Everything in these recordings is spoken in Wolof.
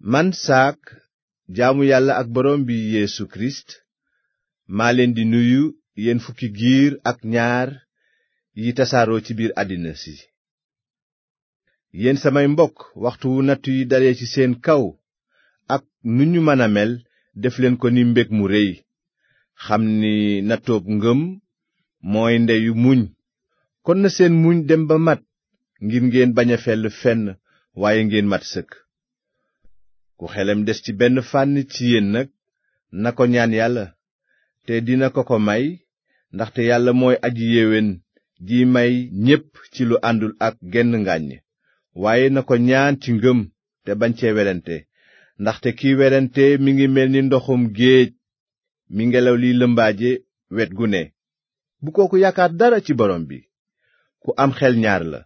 man saak jaamu yàlla ak boroom bi Yeesu Kirist maa leen di nuyu yéen fukki giir ak ñaar yi tasaaroo ci biir àddina si yéen samay mbokk waxtu wu natt yi dalee ci seen kaw ak nu ñu mën a mel def leen ko ni mbég mu réy xam ni nattoob ngëm mooy ndeyu muñ kon na seen muñ dem ba mat ngir ngeen bañ a fell fenn waaye ngeen mat sëkk ku xelam des ci benn fànn ci yéen nag na ko ñaan yàlla te dina ko ko may ndaxte yàlla mooy aji yéwén ji may ñépp ci lu àndul ak genn ngàññ waaye na ko ñaan ci ngëm te bañ cee werante ndaxte kiy werante mi ngi mel ni ndoxum géej mi ngelaw liy lëmbaaje wet gu ne bu kooku yaakaar dara ci borom bi ku am xel ñaar la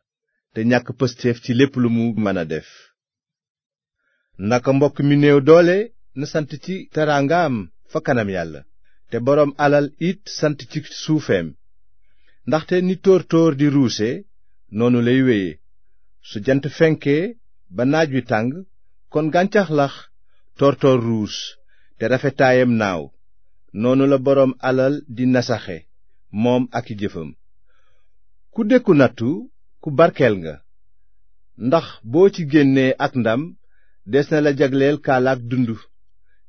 te ñàkk pësteef ci lépp lu mu mën a def naka mbokk mi néew doole na sant ci teraangaam fa kanam yàlla te boroom alal it sant ci suufeem ndaxte ni tóor-tóor di ruuse noonu lay wéye su jant fenkee ba naaj wi tàng kon gàncax lax tóor ruus te rafetaayam naaw noonu la boroom alal di nasaxe moom ak i jëfam ku dékku nattu ku barkeel nga ndax boo ci génnee ak ndam des na la jagleel kaalaak dund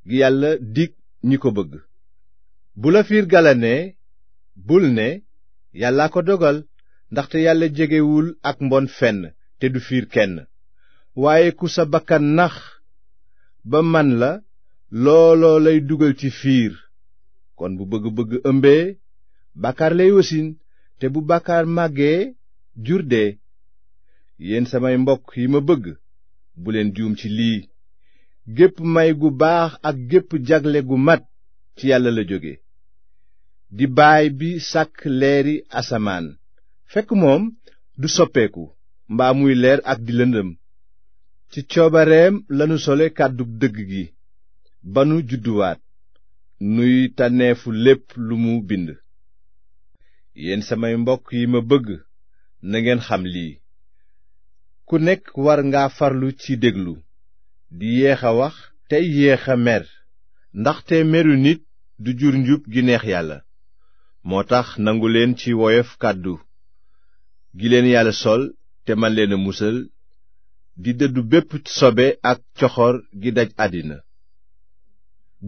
gi yàlla dig ñi ko bëgg bu la fiir galanee bul ne yàllaa ko dogal ndaxte yàlla jegewul ak mbon fenn te du fiir kenn waaye ku sa bakkan nax ba man la looloo lay dugal ci fiir kon bu bëgg-bëgg ëmbee bàkkaar lay wasin te bu bàkkaar màggee jur dee yéen samay mbokk yi ma bëgg buleen juum ci lii gépp may gu baax ak gépp jagle gu mat ci yàlla la jóge di baay bi sàkk leeri asamaan fekk moom du soppeeku mbaa muy leer ak di lëndëm ci coobareem lanu sole kàddu dëgg gi ba nu judduwaat nuy tànneefu lépp lu mu bind yéen samay mbokk yi ma bëgg na ngeen xam lii ku nekk war ngaa farlu ci déglu di yéex a wax tey yéex a mer ndaxte meru nit du jur njub gi neex yàlla moo tax nangu leen ci woyof kàddu gi leen yàlla sol te man leen a musal di dëddu bépp sobe ak coxor gi daj àddina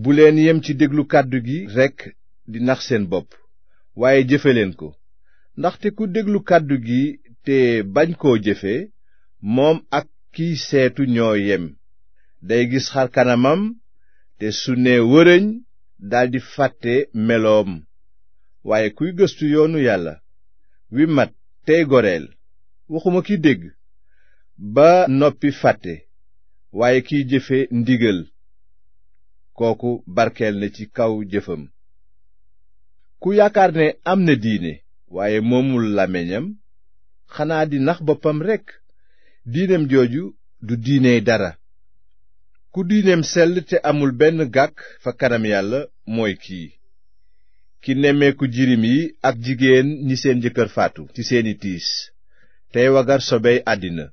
bu leen yem ci déglu kàddu gi rekk di nax seen bopp waaye jëfe leen ko ndaxte ku déglu kàddu gi te bañ koo jëfe moom ak kiy seetu ñoo yem day gis xar kanamam te su nee wërëñ daldi fàtte meloom waaye kuy gëstu yoonu yàlla wi mat tey goreel waxuma ki dégg ba noppi fàtte waaye kiy jëfe ndigal kooku barkeel na ci kaw jëfam ku yaakaar ne am na diine waaye moomul làmmiñam xanaa di nax boppam rekk diineem jooju du diiney dara ku diineem sell te amul benn gàkk fa kanam yàlla mooy kii ki nemmeeku jirim yi ak jigéen ñi seen jëkkër faatu ci seeni tiis tey wagar sobeey àddina